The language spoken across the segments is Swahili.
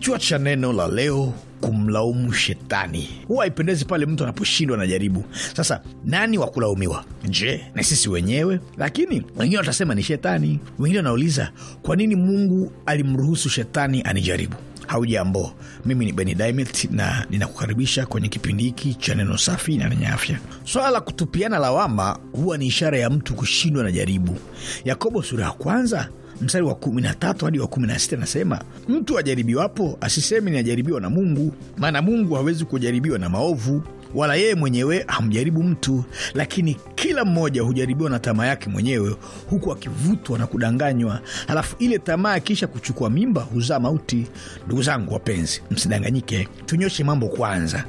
Kichwa cha neno la leo kumlaumu shetani. Huwa haipendezi pale mtu anaposhindwa na jaribu. Sasa nani wa kulaumiwa? Je, ni sisi wenyewe? Lakini wengine watasema ni shetani. Wengine wanauliza kwa nini Mungu alimruhusu shetani anijaribu? Haujambo, mimi ni Beni Dimet na ninakukaribisha kwenye kipindi hiki cha neno safi na lenye afya. Swala la kutupiana lawama huwa ni ishara ya mtu kushindwa na jaribu. Yakobo sura ya kwanza mstari wa tatu hadi wa sita anasema mtu ajaribiwapo asiseme ni ajaribiwa na mungu maana mungu hawezi kujaribiwa na maovu wala yeye mwenyewe hamjaribu mtu lakini kila mmoja hujaribiwa na tamaa yake mwenyewe huku akivutwa na kudanganywa halafu ile tamaa akiisha kuchukua mimba huzaa mauti ndugu zangu wapenzi msidanganyike tunyoshe mambo kwanza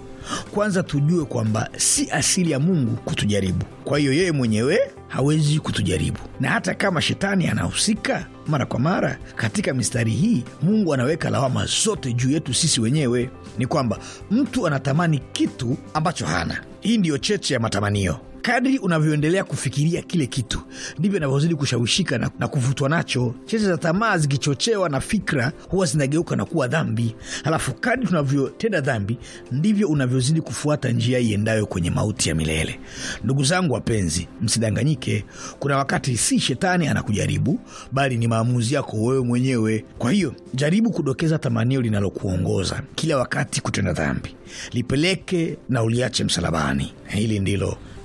kwanza tujue kwamba si asili ya Mungu kutujaribu. Kwa hiyo yeye mwenyewe hawezi kutujaribu, na hata kama shetani anahusika mara kwa mara katika mistari hii, Mungu anaweka lawama zote juu yetu sisi wenyewe. Ni kwamba mtu anatamani kitu ambacho hana. Hii ndiyo cheche ya matamanio kadri unavyoendelea kufikiria kile kitu ndivyo inavyozidi kushawishika na, na kuvutwa nacho. Cheche za tamaa zikichochewa na fikra huwa zinageuka na kuwa dhambi, halafu kadri tunavyotenda dhambi ndivyo unavyozidi kufuata njia iendayo kwenye mauti ya milele. Ndugu zangu wapenzi, msidanganyike. Kuna wakati si shetani anakujaribu, bali ni maamuzi yako wewe mwenyewe. Kwa hiyo jaribu kudokeza tamanio linalokuongoza kila wakati kutenda dhambi, lipeleke na uliache msalabani. Hili ndilo